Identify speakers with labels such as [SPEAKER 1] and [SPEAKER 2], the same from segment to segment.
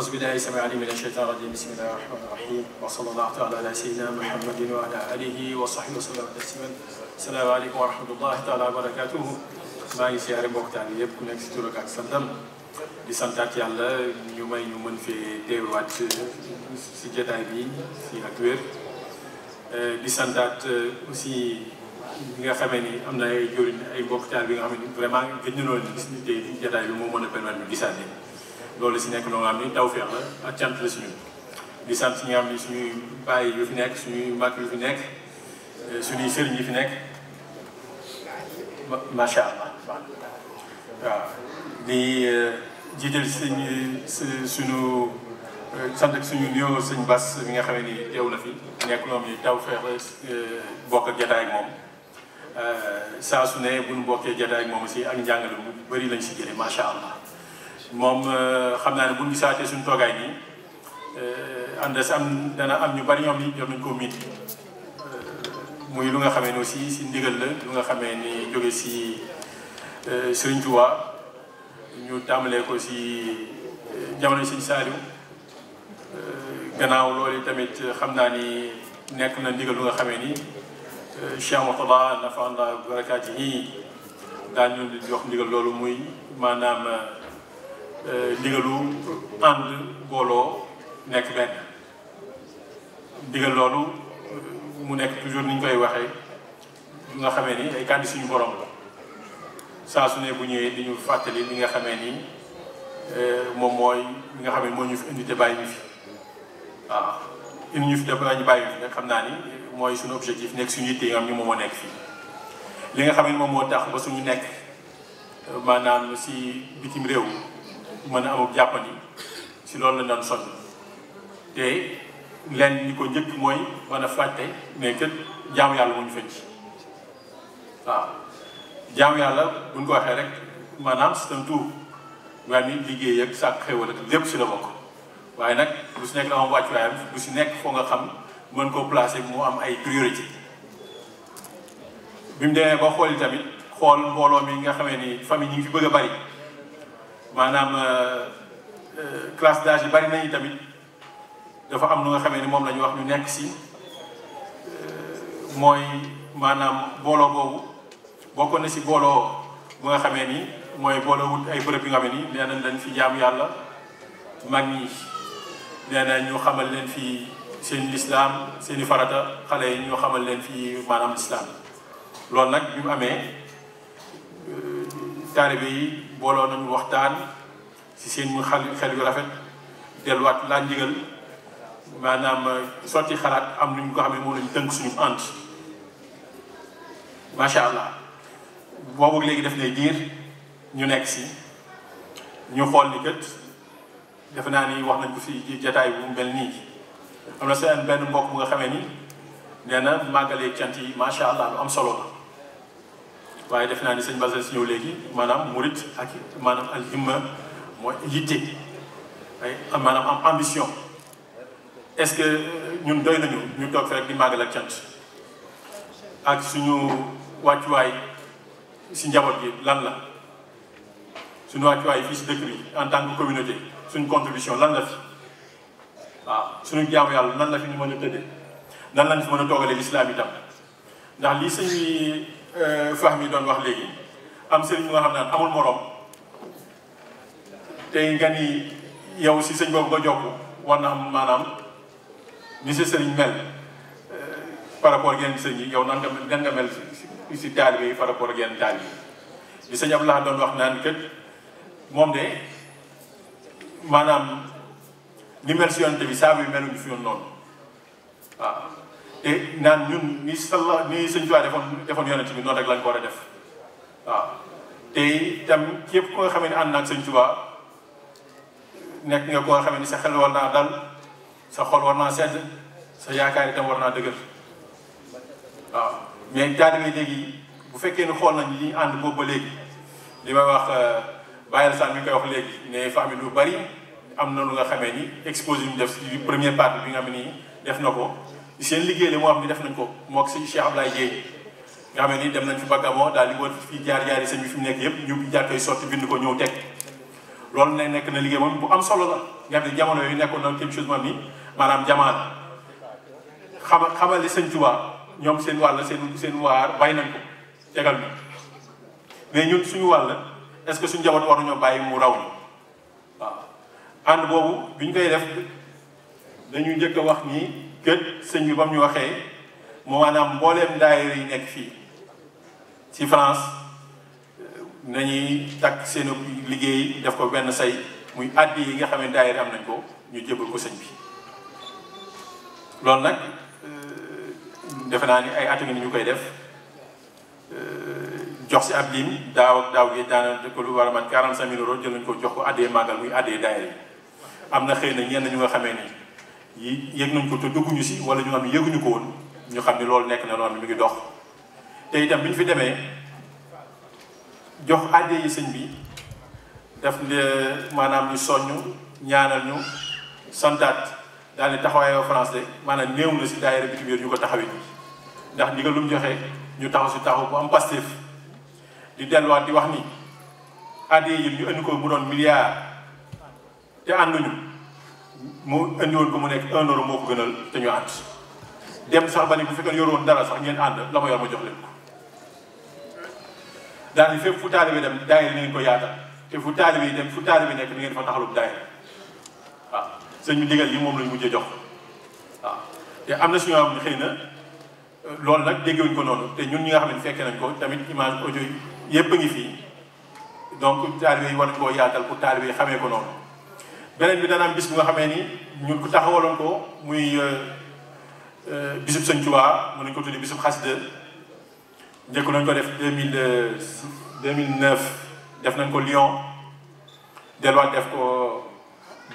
[SPEAKER 1] أعوذ بالله السميع العليم من الشيطان الرجيم بسم الله الرحمن الرحيم وصلى الله تعالى على سيدنا محمد وعلى آله وصحبه وسلم تسليما السلام عليكم ورحمة الله تعالى وبركاته maa ngi siyaare mbokk taal yëpp ku nekk si tur ak santam di santaat yàlla ñu may ñu mën fee teewaat si jotaay bi si ak wér euh, di santaat euh, aussi ñi nga xamee ni am na ay jëriñ ay mbokk taal bi nga xam ne vraiment gëj na loolu gis ñu tey jotaay bi moo mën a permettre ñu gisaat loolu si nekk loo am xam ni taw la ak cant la si di sant si nga xam ni suñuy bàyyi yu fi nekk suñuy mag yu fi nekk eh, suñuy sëriñ yi fi nekk macha allah eh, suñu eh, sant ak suñu nuyoo sëñ bas mi nga xam ne nii teew na fi nekk loo xam ni tawfeex la bokk ak jotaay ak moom saa su ne bu nu bokkee jataay ak moom aussi ak njàngale bu bëri lañ si jëlee macha allah. moom euh, xam naa ne bu ñu gisaatee suñu toogaay nii andes euh, am dana am ñu bari ñoom ni jot nañu koo miit euh, muy lu nga xamee ne aussi si ndigal la lu nga xame ni jóge si Serigne Touba ñu tàmbalee ko si jamono Serigne Saliou gannaaw loolu tamit xam naa ni nekk na ndigal lu nga xamee ni Cheikh Mourtada nafa Allah barakaati yi daan ñu jox ndigal loolu muy maanaam Euh, ndigalu ànd booloo nekk benn ndigal loolu euh, mu nekk toujours ni ñu koy waxee lu nga xamee ni ay kàddu suñu borom la saa su ne bu ñëwee di ñu fàttali li nga xamee ni euh, moom mooy li nga xam ne moo ñu fi indi bàyyi ñu fi waaw indi ñu bàyyi xam naa ni mooy suñu objectif nekk suñu yitte yi nga moom moo nekk fii li nga xam ne moom moo tax ba suñu nekk maanaam si bitim réew mën a am ak jàppandi si loolu la daan sonn te lenn ñi ko njëkk mooy mën a fàtte mais kat jaamu yàlla moo ñu fecc waaw jaamu yàlla buñ ko waxee rek maanaam c'est un tout waaye ni liggéey ak sàkk xéwal ak lépp si la bokk waaye nag bu si nekk la am wàccuwaayam bu si nekk foo nga xam mën koo placé mu am ay priorité bi mu demee ba xool tamit xool mbooloo mi nga xamee ni fami ñu ngi fi bëgg a bari maanaam euh, euh, classe d'âge yi bari nañu tamit dafa am lu nga xamee ni moom la ñu wax ñu nekk si euh, mooy maanaam booloo boobu bokkoon na si booloo bu nga xamee ni mooy booloo wut ay bërëb yi nga xam ni nee nañ dañ fi jaamu yàlla mag ñi nee ñu xamal leen fii seen lislaam seeni farata xale yi ñu xamal leen fii maanaam lislaam loolu nag bi amee taalibe yi booloo nañu waxtaan ci seen xel xel yu rafet delluwaat laa ndigal maanaam sotti xalaat am nañu ko xam ne moom lañu tënk suñu ant macha allah boobu léegi def nay diir ñu nekk si ñu xool ni kët defe naa ni wax nañ ko fi ci jataay bu mel nii am na seen benn mbokk mu nga xamee ni nee na màggalee cant yi macha allah lu am solo waaye def naa ni sëñ Basel si ñëw léegi maanaam murit ak maanaam alhimma mooy yitte ay maanaam am ambition est-ce que ñun doy nañu ñu toog fi rek di màggal ak cant ak suñu wàccuwaay si njaboot gi lan la suñu wàccuwaay fii si dëkk en tant que communauté suñu contribution lan la fi waaw suñu jaamu yàlla nan la fi ñu mën a tëddee lan lañ fi mën a toogalee lislaam itam ndax lii sëñ Euh, Fahmi doon wax léegi am sëriñ bu nga xam naan amul morom tey nga ni yow si sëñ boobu nga jokk war na am maanaam ni si sëriñ mel euh, par rapport ak yenn sëriñ yi yow nan nga nan nga mel si si taalibe yi par rapport ak yenn taalibe yi li sëñ doon wax naan kët moom de maanaam ni mel si yoonte bi saa bi meluñu fi noonu waaw te naan ñun ni salla ni sëñ Tuubaa defoon defoon yonent bi noonu rek lañ ko war a def waaw te itam képp ko nga xam ne ànd naag sëñ Tuubaa nekk nga ko nga xam ne sa xel war naa dal sa xol war naa sedd sa yaakaar itam war naa dëgër waaw mais daanaka léegi bu fekkee ne xool nañ li ànd boobu ba léegi li may wax euh, bàyyil saan mi koy wax léegi ne famille lu bari am na lu nga xamee ni exposé ñu def ci première partie bi nga xam ni def na ko. seen liggéey la moo xam ni def nañ ko moog sëñ Cheikh Ablaye Dieye nga xam ne ni dem nañ fi ba moo daal di wër fi jaar jaari sëñ bi fi mu nekk yëpp ñu jaar koy ko ñëw teg loolu ne nekk na liggéey moom bu am solo la jamono yooyu nekkoon na quelque chose moom ni maanaam jamaan xama xamale sëñ Tuubaa ñoom seen wàll seen seen waar bàyyi nañ ko tegal ñu mais ñun suñu wàll est-ce que suñu njaboot war nañoo bàyyi mu raw waaw ànd boobu bi ñu koy def dañuy njëkk a wax nii gët sëñ bi ba mu ñu waxee mu maanaam mbooleem daayira yi nekk fii ci France euh, nañuy takk seen liggéey def ko benn say muy àddi yi nga xam ne am nañ ko ñu jébal sëñ bi loolu nag euh, defe naa ni ay at ñu koy def euh, jox si ab lim daaw ak daaw gi daana ko lu war a mat 45 mille euros jël nañ ko jox ko àddee màggal muy àddee daayira yi am na xëy na ñenn ñu nga xamee nii yi yëg nañ ko te dugguñu si wala ñu xam ne yëguñu ko woon ñu xam ne loolu nekk na loo xam ngi dox te itam bi ñu fi demee jox adde yi sëñ bi def le maanaam ñu soññ ñaanal ñu santaat daal di taxawaayu maanaam néew na si daayira bitim réew ñu ko taxawee ndax ndigal lu joxe ñu taxaw si taxaw bu am Pastef di delluwaat di wax ni adde yi ñu indi ko mu doon milliard te ànduñu. mu indiwoon ko mu nekk un euro moo ko gënal te ñu ànd dem sax ba ne bu fekkoon yoroon dara sax ngeen ànd la ma yor ma jox leen ko daal di fépp dem daayira ngeen ko yaatal te fu taalibe yi dem fu taalibe nekk ngeen fa taxalu daayira waaw sëñ bi moom lañ mujjee jox te am na suñu xëy na loolu nag déggewuñ ko noonu te ñun ñi nga xam ne fekke nañ ko tamit image audio yépp a ngi fii donc taalibe yi war nañ koo yaatal pour taalibe yi xamee ko noonu beneen bi dana bis bu nga xamee ni ñu ku taxawaloon ko muy euh, euh, bisub Sëñ Tuubaa mën nañ ko tuddi bisub de njëkk nañ ko def deux mille euh, deux mille neuf def nañ ko Lyon delluwaat def ko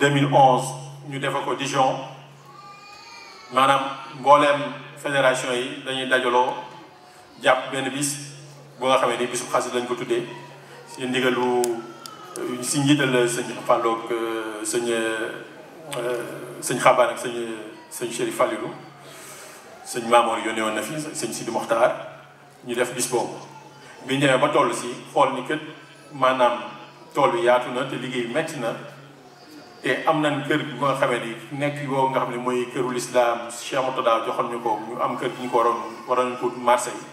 [SPEAKER 1] deux mille onze ñu defa ko Dijon maanaam mbooleem fédération yi dañuy dajaloo jàpp benn bis bu nga xamee ni bisub xasida lañ ko tuddee si ndigalu si njiital sëñ Fallou ak euh, sëñ euh, sëñ Xabaan ak sëñ sëñ Chérif Falilou sëñ Maamoor yónnee woon na fi sëñ Sidi Moxtaar ñu def bis boobu bi ñëwee ba toll si xool ni kët maanaam tool bi yaatu na te liggéey metti na te am na kër bi nga xamee nekk boobu nga xam ne mooy këru lislaam Cheikh Mourtada joxoon ko ñu am kër gi ñu ko waroon waroon ko marché yi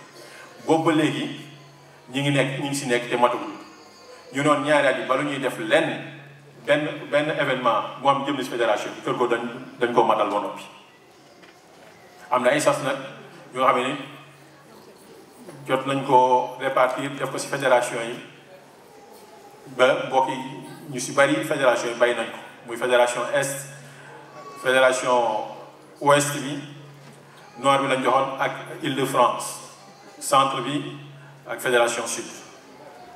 [SPEAKER 1] boobu ba léegi ñi ngi nekk ñi ngi si nekk te matul ñu noonu ñaari at yi ba lu ñuy def lenn benn benn événement mu am jëm si fédération bi kër ko dañ dañ koo matal ba noppi. am na ay sas nag yoo xam ne jot nañ ko répartir def ko si fédération yi ba mbokk yi ñu si bari fédération yi bay nañ ko muy fédération est fédération ouest bi nord bi lañ joxoon ak Île-de-France centre bi ak fédération sud.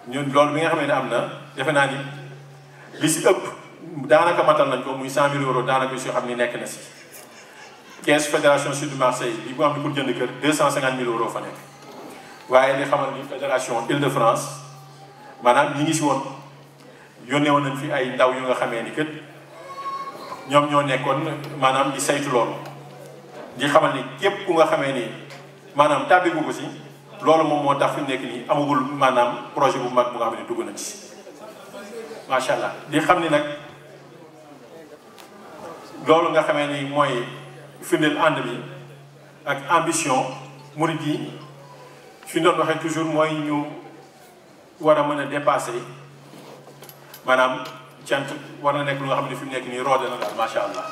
[SPEAKER 1] ñun loolu bi nga xam ne am na defe naa ni li si ëpp daanaka matal nañ ko muy cent mille euros daanaka si yoo ni nekk na si. caisse fédération sud de Marseille bi bu am ni pour jënd kër deux cent cinquante mille euros fa nekk waaye li xamal ni fédération Île-de-France maanaam ñi ngi si woon yónnee woon nañ fi ay ndaw yu nga xamee ni kët ñoom ñoo nekkoon maanaam di saytu loolu di xamal ni képp ku nga xamee ni maanaam tàbbi ko si. loolu moom moo tax fi mu nekk nii amagul maanaam projet bu mag bu nga xam ne dugg na ci macha allah li xam ni nag loolu nga xamee ni mooy firndeel ànd bi ak ambition murid yi fi doon waxee toujours mooy ñu war a mën a dépassé maanaam cant war na nekk lu nga xam ne fi nekk nii roode na daal macha allah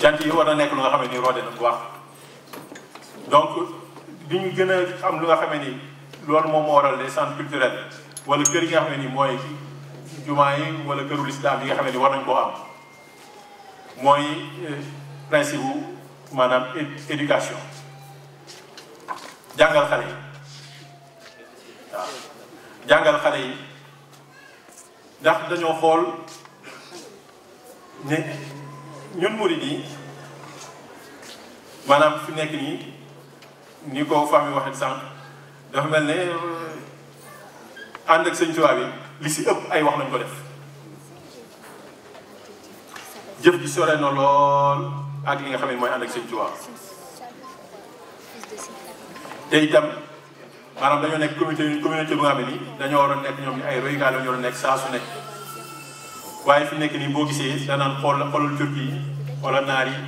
[SPEAKER 1] cant yi war na nekk lu nga xam ne nii roode na bu li ñu gën a am lu nga xamee ni loolu moom moo waral de sant culturels wala kër yi nga xam ne ni mooy jumaa yi walla këru lislaam yi nga xam ni war nañ koo am mooy euh, principe bu maanaam éducation jàngal xale yi jàngal xale yi ndax dañoo xool ne ñun murid yi maanaam fi nekk nii ni ko famille waxee sànq dafa mel ne euh, ànd ak sëñ Tuubaa bi li si ëpp ay wax lañ ko def jëf ji sore na lool ak li nga xam ne mooy ànd ak sëñ Tuubaa te itam maanaam dañoo nekk comité communauté bu nga nii dañoo war a nekk ñoom ay royukaay la ñu war a nekk saa su nekk waaye fi nekk nii boo gisee danaan xool xoolal turki wala naar yi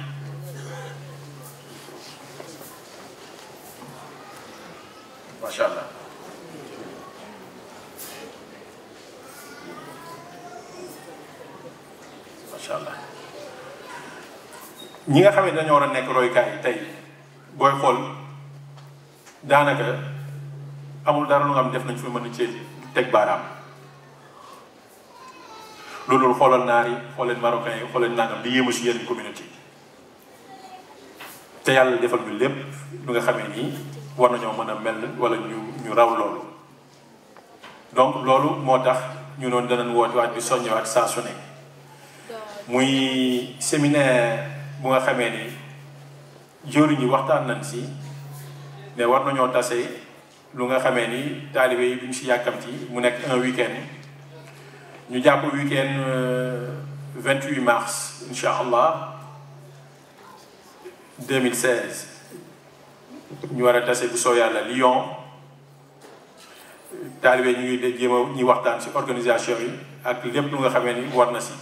[SPEAKER 1] ñi nga xam ne dañoo war a nekk royukaay yi tey booy xool daanaka amul dara lu nga xam def nañ fi mën a cee teg baaraam loolu xoolal naar yi xooleen marocain yi xooleen nangam di yéemu si yenn communauté yi te yàlla defal ñu lépp lu nga xamee nii war nañoo mën a mel wala ñu ñu raw loolu donc loolu moo tax ñu noonu danañ woote waat bi soññewaat saa su ne muy séminaire bu nga xamee ni jëwriñ yi waxtaan nañ si ne war nañoo tase lu nga xamee ni taalibe yi duñ si yàkkamti mu nekk un week-end ñu jàpp week-end 28 euh, mars incha allah 2016 ñu war a tase bu soo yàlla Lyon taalibe ñu ngi jéem a ñuy waxtaan si organisation yi ak lépp lu nga xamee ni war na si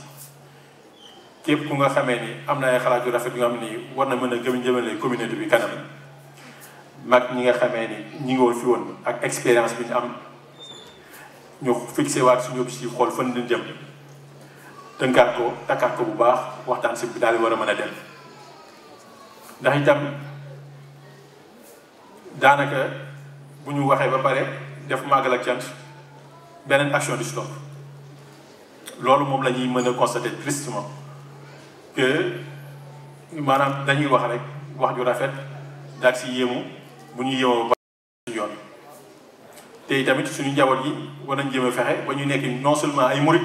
[SPEAKER 1] képp ku nga xamee ni am na ay xalaat yu rafet yu nga xam ni war na mën a gëm jëmale communauté bi kanam mag ñi nga xamee ni ñi ngi woon fi woon ak expérience bi ñu am ñu fixé waat suñu objectif xool fan lañ jëm tënkaat ko takkaat ko bu baax waxtaan si bi daal war a mën a dem ndax itam daanaka bu ñu waxee ba pare def màggal ak cant beneen action du stop loolu moom la ñuy mën a constater tristement que maanaam dañuy wax rek wax ju rafet daal si yéemu bu ñu yéemoo ba ci suñu njaboot yi war nañ jéem fexe ba ñu nekk non seulement ay murit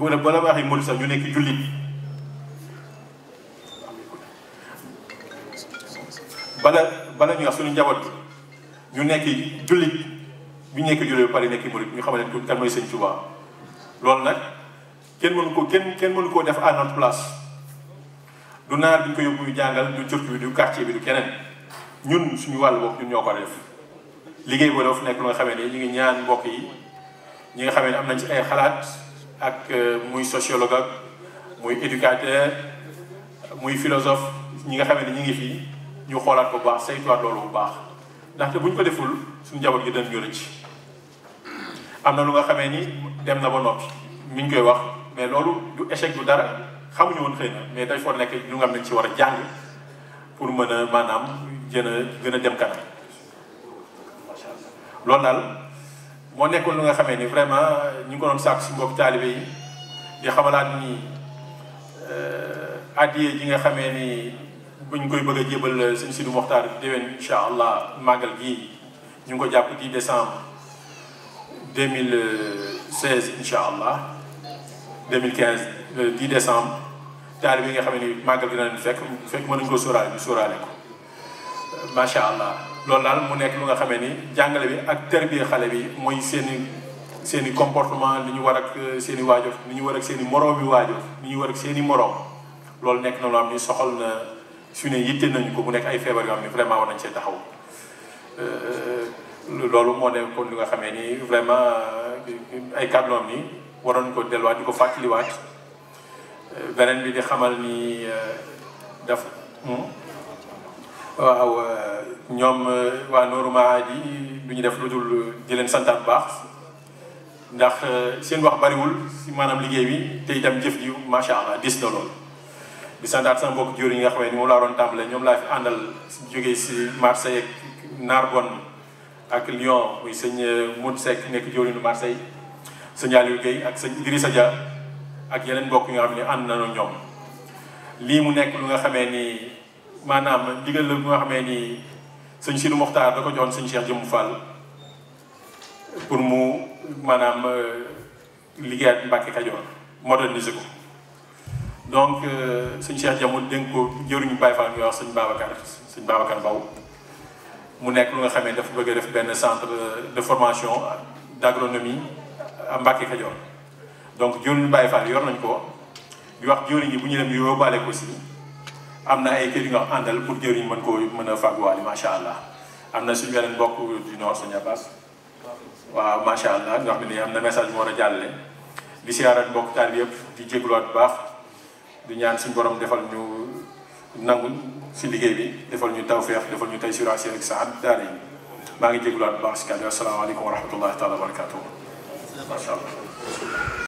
[SPEAKER 1] wala bala baax yi murit sax ñu nekk jullit bala bala ñu wax suñu njaboot ñu nekki jullit bi ñu nekk jullit ba pare nekk murit ñu xamal leen kan mooy Sëñ Tuubaa loolu nag kenn mënu ko kenn kenn mënu koo def à notre place du naar bi ñu ko yóbbu ñu jàngal du turc bi du quartier bi du keneen ñun suñu wàll bopp ñun ñoo ko def liggéey boo dafa nekk lu nga xamee ne ñu ngi ñaan mbokk yi ñi nga xamee am nañ ci ay xalaat ak euh, muy sociologue ak muy éducateur muy philosophe ñi nga xamee ñu ngi fii ñu xoolaat bu baax saytuwaat loolu bu baax ndaxte bu ñu ko deful suñu njaboot gi dañ ñu rëcc am na lu nga xamee ni dem na ba noppi mi ñu koy wax mais loolu du échec du dara xamuñu woon xëy na mais day foo nekk ñu nga am nañ ci war a jàng pour mën a maanaam gën a gën a dem kanam loolu moo nekkoon lu nga xamee ni vraiment ñu ngi ko doon si mbokk taalibe yi di xamalaat ni euh, addiye ji nga xamee ni buñ koy bëgg a jébal sëñ Sidi Mokhtar déwén incha allah màggal gi ñu ngi ko jàpp 10 décembre 2016 incha allah. 2015 le 10 décembre taal bi nga xam ne màggal gi danañ fekk fekk mënuñ ko sóoraale ñu sóoraale ko macha allah loolu daal mu nekk lu nga xamee ni jàngale bi ak terbiye xale bi mooy seen seeni seen comportement li euh, ñu war ak seeni i waajur li ñu war ak seeni i moroom yi waajur li war ak seen i loolu nekk na loo am ni soxal na su ne yitte nañu ko mu nekk ay feebar yoo xam ne vraiment war nañ see taxaw euh, loolu moo nekkoon li nga xamee ni vraiment euh, ay kàddoom ni waroon ko delluwaat di ko fàttaliwaat beneen bi di xamal ni euh, daf hmm? waaw euh, ñoom euh, waa Nourou Mahady du ñu def lu dul di leen santaat bu baax ndax seen wax bariwul si maanaam liggéey bi te dem jëf ji macha allah dis na lool. di santaat sama mbokk jur yi nga xamee ni moom laa doon tàmbale ñoom laa fi àndal jógee si Marseille naar Narbonne ak Lyon muy sëñ Modou Seck nekk jëwriñu Marseille sëñ Aliou Guèye ak sëñ Idrissa Dia ak yeneen mbokk yi nga xam ni ànd na nañu ñoom lii mu nekk lu nga xamee ni maanaam ndigal la bu nga xamee ni sëñ Sidou Mokhtar da ko joxoon sëñ Cheikh Jëmu Fall pour mu maanaam euh, liggéeyaat Mbàkke Kajoor moderniser ko donc euh, sëñ Cheikh Jëmu dénk ko jëruñu Baye Fall ñu wax sëñ Babacar sëñ Babacar Baw mu nekk lu nga xamee dafa bëgg a def benn centre de formation d'agronomie Mbàkke Kajoor donc jëwriñu Baye Fall yor nañ ko ñu wax jëwriñ yi bu ñu dem yóbbaale ko si am na ay kër yu nga wax àndal pour jëwriñ mën koo mën a fàgguwaale macha allah am na si beneen bokk du nord suñu waaw macha allah nga xam ne am na message moo war a jàllale di siyaaraat mbokk taal bi yëpp di jégluwaat bu baax du ñaan si borom defal ñu nangu si liggéey bi defal ñu tawféex defal ñu tey sur ak saat daal maa ngi jégluwaat bu baax si kàddu asalaamaaleykum wa rahmatullahi taala macha allah.